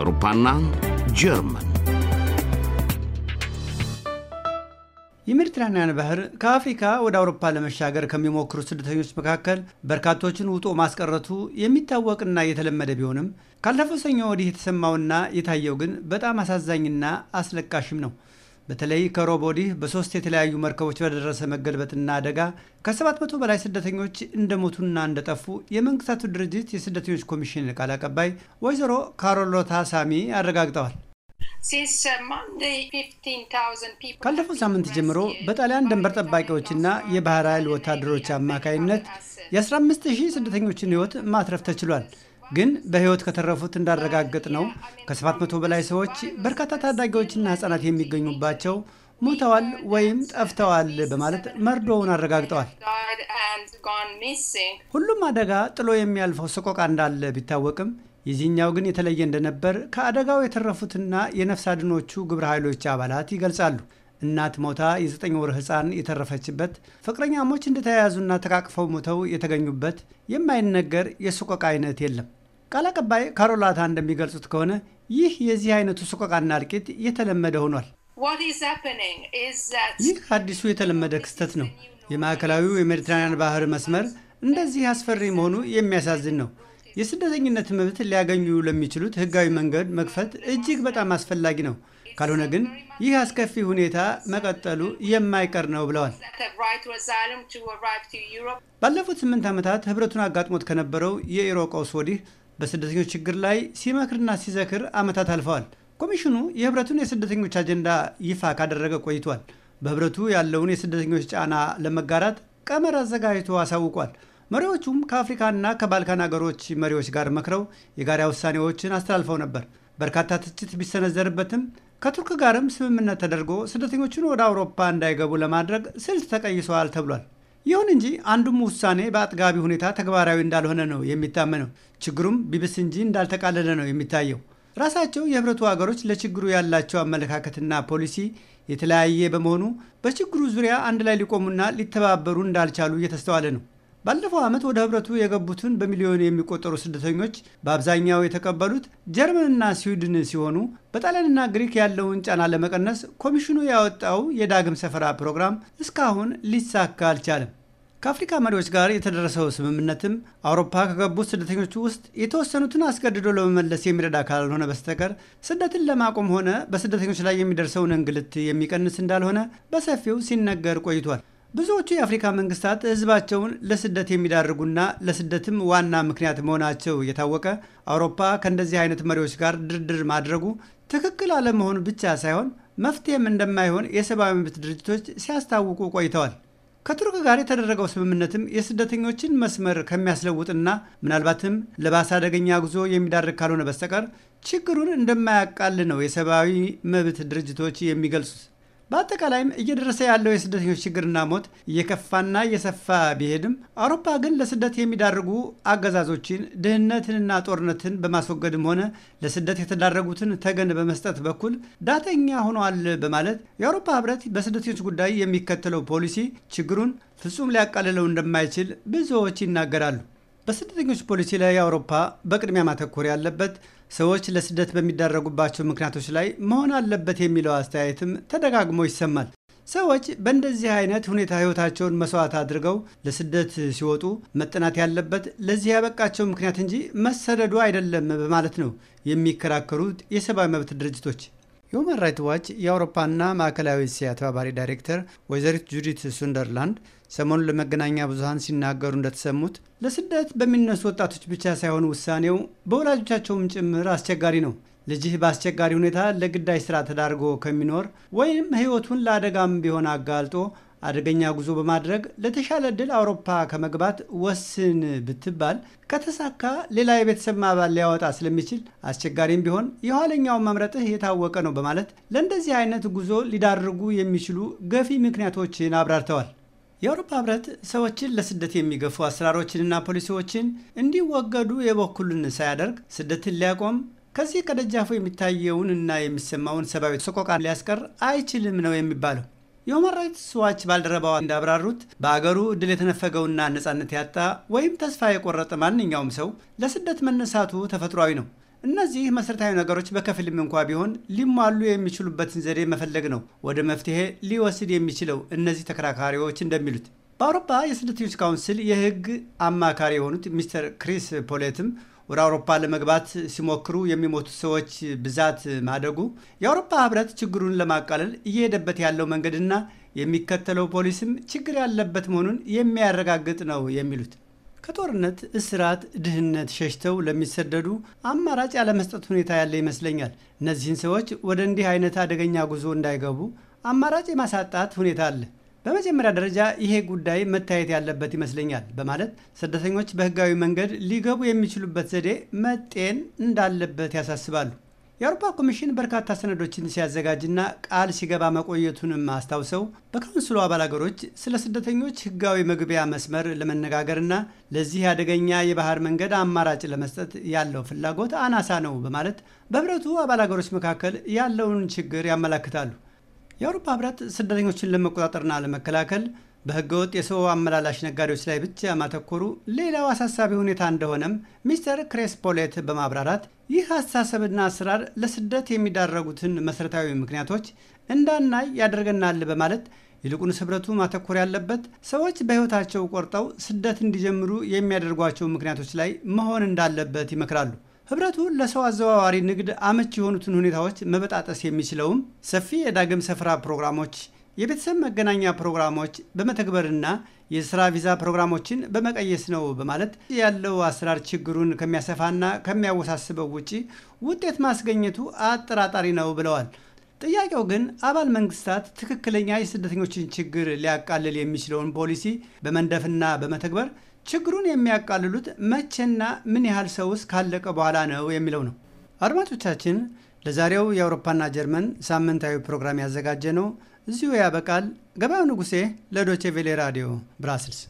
አውሮፓና ጀርመን የሜዲትራንያን ባህር ከአፍሪካ ወደ አውሮፓ ለመሻገር ከሚሞክሩ ስደተኞች መካከል በርካቶችን ውጦ ማስቀረቱ የሚታወቅና የተለመደ ቢሆንም ካለፈው ሰኞ ወዲህ የተሰማውና የታየው ግን በጣም አሳዛኝና አስለቃሽም ነው። በተለይ ከሮብ ወዲህ በሶስት የተለያዩ መርከቦች በደረሰ መገልበጥና አደጋ ከ700 በላይ ስደተኞች እንደሞቱና እንደጠፉ የመንግስታቱ ድርጅት የስደተኞች ኮሚሽን ቃል አቀባይ ወይዘሮ ካሮሎታ ሳሚ አረጋግጠዋል። ካለፈው ሳምንት ጀምሮ በጣሊያን ድንበር ጠባቂዎችና የባህር ኃይል ወታደሮች አማካይነት የ15000 ስደተኞችን ሕይወት ማትረፍ ተችሏል። ግን በህይወት ከተረፉት እንዳረጋገጥ ነው ከ700 በላይ ሰዎች በርካታ ታዳጊዎችና ህጻናት የሚገኙባቸው ሞተዋል ወይም ጠፍተዋል በማለት መርዶውን አረጋግጠዋል። ሁሉም አደጋ ጥሎ የሚያልፈው ሰቆቃ እንዳለ ቢታወቅም የዚህኛው ግን የተለየ እንደነበር ከአደጋው የተረፉትና የነፍስ አድኖቹ ግብረ ኃይሎች አባላት ይገልጻሉ። እናት ሞታ የዘጠኝ ወር ህፃን የተረፈችበት፣ ፍቅረኛሞች እንደተያያዙና ተቃቅፈው ሞተው የተገኙበት የማይነገር የሰቆቃ አይነት የለም። ቃል አቀባይ ካሮላታ እንደሚገልጹት ከሆነ ይህ የዚህ አይነቱ ሰቆቃና እልቂት የተለመደ ሆኗል። ይህ አዲሱ የተለመደ ክስተት ነው። የማዕከላዊው የሜዲትራንያን ባህር መስመር እንደዚህ አስፈሪ መሆኑ የሚያሳዝን ነው። የስደተኝነት መብት ሊያገኙ ለሚችሉት ህጋዊ መንገድ መክፈት እጅግ በጣም አስፈላጊ ነው። ካልሆነ ግን ይህ አስከፊ ሁኔታ መቀጠሉ የማይቀር ነው ብለዋል። ባለፉት ስምንት ዓመታት ህብረቱን አጋጥሞት ከነበረው የኢሮ ቀውስ ወዲህ በስደተኞች ችግር ላይ ሲመክርና ሲዘክር ዓመታት አልፈዋል። ኮሚሽኑ የህብረቱን የስደተኞች አጀንዳ ይፋ ካደረገ ቆይቷል። በህብረቱ ያለውን የስደተኞች ጫና ለመጋራት ቀመር አዘጋጅቶ አሳውቋል። መሪዎቹም ከአፍሪካና ከባልካን አገሮች መሪዎች ጋር መክረው የጋራ ውሳኔዎችን አስተላልፈው ነበር። በርካታ ትችት ቢሰነዘርበትም ከቱርክ ጋርም ስምምነት ተደርጎ ስደተኞቹን ወደ አውሮፓ እንዳይገቡ ለማድረግ ስልት ተቀይሰዋል ተብሏል። ይሁን እንጂ አንዱም ውሳኔ በአጥጋቢ ሁኔታ ተግባራዊ እንዳልሆነ ነው የሚታመነው። ችግሩም ቢብስ እንጂ እንዳልተቃለለ ነው የሚታየው። ራሳቸው የህብረቱ ሀገሮች ለችግሩ ያላቸው አመለካከትና ፖሊሲ የተለያየ በመሆኑ በችግሩ ዙሪያ አንድ ላይ ሊቆሙና ሊተባበሩ እንዳልቻሉ እየተስተዋለ ነው። ባለፈው ዓመት ወደ ህብረቱ የገቡትን በሚሊዮን የሚቆጠሩ ስደተኞች በአብዛኛው የተቀበሉት ጀርመንና ስዊድን ሲሆኑ በጣሊያንና ግሪክ ያለውን ጫና ለመቀነስ ኮሚሽኑ ያወጣው የዳግም ሰፈራ ፕሮግራም እስካሁን ሊሳካ አልቻለም። ከአፍሪካ መሪዎች ጋር የተደረሰው ስምምነትም አውሮፓ ከገቡት ስደተኞች ውስጥ የተወሰኑትን አስገድዶ ለመመለስ የሚረዳ ካልሆነ በስተቀር ስደትን ለማቆም ሆነ በስደተኞች ላይ የሚደርሰውን እንግልት የሚቀንስ እንዳልሆነ በሰፊው ሲነገር ቆይቷል። ብዙዎቹ የአፍሪካ መንግስታት ህዝባቸውን ለስደት የሚዳርጉና ለስደትም ዋና ምክንያት መሆናቸው እየታወቀ አውሮፓ ከእንደዚህ አይነት መሪዎች ጋር ድርድር ማድረጉ ትክክል አለመሆኑ ብቻ ሳይሆን መፍትሄም እንደማይሆን የሰብአዊ መብት ድርጅቶች ሲያስታውቁ ቆይተዋል። ከቱርክ ጋር የተደረገው ስምምነትም የስደተኞችን መስመር ከሚያስለውጥና ምናልባትም ለባሰ አደገኛ ጉዞ የሚዳርግ ካልሆነ በስተቀር ችግሩን እንደማያቃል ነው የሰብአዊ መብት ድርጅቶች የሚገልጹት። በአጠቃላይም እየደረሰ ያለው የስደተኞች ችግርና ሞት እየከፋና እየሰፋ ቢሄድም አውሮፓ ግን ለስደት የሚዳርጉ አገዛዞችን ድህነትንና ጦርነትን በማስወገድም ሆነ ለስደት የተዳረጉትን ተገን በመስጠት በኩል ዳተኛ ሆኗል በማለት የአውሮፓ ህብረት በስደተኞች ጉዳይ የሚከተለው ፖሊሲ ችግሩን ፍጹም ሊያቃልለው እንደማይችል ብዙዎች ይናገራሉ። በስደተኞች ፖሊሲ ላይ አውሮፓ በቅድሚያ ማተኮር ያለበት ሰዎች ለስደት በሚዳረጉባቸው ምክንያቶች ላይ መሆን አለበት የሚለው አስተያየትም ተደጋግሞ ይሰማል። ሰዎች በእንደዚህ አይነት ሁኔታ ህይወታቸውን መስዋዕት አድርገው ለስደት ሲወጡ መጠናት ያለበት ለዚህ ያበቃቸው ምክንያት እንጂ መሰደዱ አይደለም በማለት ነው የሚከራከሩት የሰብአዊ መብት ድርጅቶች። የሁማን ራይት ዋች የአውሮፓና ማዕከላዊ እስያ ተባባሪ ዳይሬክተር ወይዘሪት ጁዲት ሱንደርላንድ ሰሞኑን ለመገናኛ ብዙሀን ሲናገሩ እንደተሰሙት ለስደት በሚነሱ ወጣቶች ብቻ ሳይሆን ውሳኔው በወላጆቻቸውም ጭምር አስቸጋሪ ነው። ልጅህ በአስቸጋሪ ሁኔታ ለግዳጅ ስራ ተዳርጎ ከሚኖር ወይም ህይወቱን ለአደጋም ቢሆን አጋልጦ አደገኛ ጉዞ በማድረግ ለተሻለ እድል አውሮፓ ከመግባት ወስን ብትባል ከተሳካ ሌላ የቤተሰብ አባል ሊያወጣ ስለሚችል አስቸጋሪም ቢሆን የኋለኛውን መምረጥህ የታወቀ ነው በማለት ለእንደዚህ አይነት ጉዞ ሊዳርጉ የሚችሉ ገፊ ምክንያቶችን አብራርተዋል። የአውሮፓ ህብረት ሰዎችን ለስደት የሚገፉ አሰራሮችንና ፖሊሲዎችን እንዲወገዱ የበኩሉን ሳያደርግ ስደትን ሊያቆም ከዚህ ከደጃፉ የሚታየውን እና የሚሰማውን ሰብአዊ ሰቆቃ ሊያስቀር አይችልም ነው የሚባለው። የሁማን ራይትስ ዋች ባልደረባዋ እንዳብራሩት በአገሩ እድል የተነፈገውና ነጻነት ያጣ ወይም ተስፋ የቆረጠ ማንኛውም ሰው ለስደት መነሳቱ ተፈጥሯዊ ነው። እነዚህ መሰረታዊ ነገሮች በከፊልም እንኳ ቢሆን ሊሟሉ የሚችሉበትን ዘዴ መፈለግ ነው ወደ መፍትሄ ሊወስድ የሚችለው። እነዚህ ተከራካሪዎች እንደሚሉት በአውሮፓ የስደተኞች ካውንስል የህግ አማካሪ የሆኑት ሚስተር ክሪስ ፖሌትም ወደ አውሮፓ ለመግባት ሲሞክሩ የሚሞቱ ሰዎች ብዛት ማደጉ የአውሮፓ ህብረት ችግሩን ለማቃለል እየሄደበት ያለው መንገድና የሚከተለው ፖሊስም ችግር ያለበት መሆኑን የሚያረጋግጥ ነው የሚሉት ከጦርነት፣ እስራት፣ ድህነት ሸሽተው ለሚሰደዱ አማራጭ ያለመስጠት ሁኔታ ያለ ይመስለኛል። እነዚህን ሰዎች ወደ እንዲህ አይነት አደገኛ ጉዞ እንዳይገቡ አማራጭ የማሳጣት ሁኔታ አለ። በመጀመሪያ ደረጃ ይሄ ጉዳይ መታየት ያለበት ይመስለኛል በማለት ስደተኞች በህጋዊ መንገድ ሊገቡ የሚችሉበት ዘዴ መጤን እንዳለበት ያሳስባሉ። የአውሮፓ ኮሚሽን በርካታ ሰነዶችን ሲያዘጋጅና ቃል ሲገባ መቆየቱንም አስታውሰው በካውንስሉ አባል አገሮች ስለ ስደተኞች ህጋዊ መግቢያ መስመር ለመነጋገርና ለዚህ አደገኛ የባህር መንገድ አማራጭ ለመስጠት ያለው ፍላጎት አናሳ ነው በማለት በህብረቱ አባል አገሮች መካከል ያለውን ችግር ያመላክታሉ። የአውሮፓ ህብረት ስደተኞችን ለመቆጣጠርና ለመከላከል በህገወጥ የሰው አመላላሽ ነጋዴዎች ላይ ብቻ ማተኮሩ ሌላው አሳሳቢ ሁኔታ እንደሆነም ሚስተር ክሬስፖሌት በማብራራት ይህ አስተሳሰብና አሰራር ለስደት የሚዳረጉትን መሠረታዊ ምክንያቶች እንዳናይ ያደርገናል በማለት ይልቁንስ ህብረቱ ማተኮር ያለበት ሰዎች በሕይወታቸው ቆርጠው ስደት እንዲጀምሩ የሚያደርጓቸው ምክንያቶች ላይ መሆን እንዳለበት ይመክራሉ። ህብረቱ ለሰው አዘዋዋሪ ንግድ አመች የሆኑትን ሁኔታዎች መበጣጠስ የሚችለውም ሰፊ የዳግም ሰፈራ ፕሮግራሞች፣ የቤተሰብ መገናኛ ፕሮግራሞች በመተግበርና የስራ ቪዛ ፕሮግራሞችን በመቀየስ ነው በማለት ያለው አሰራር ችግሩን ከሚያሰፋና ከሚያወሳስበው ውጪ ውጤት ማስገኘቱ አጠራጣሪ ነው ብለዋል። ጥያቄው ግን አባል መንግስታት ትክክለኛ የስደተኞችን ችግር ሊያቃልል የሚችለውን ፖሊሲ በመንደፍና በመተግበር ችግሩን የሚያቃልሉት መቼና ምን ያህል ሰውስ ካለቀ በኋላ ነው የሚለው ነው። አድማጮቻችን፣ ለዛሬው የአውሮፓና ጀርመን ሳምንታዊ ፕሮግራም ያዘጋጀ ነው እዚሁ ያበቃል። ገበያው ንጉሴ ለዶቼ ቬሌ ራዲዮ ብራስልስ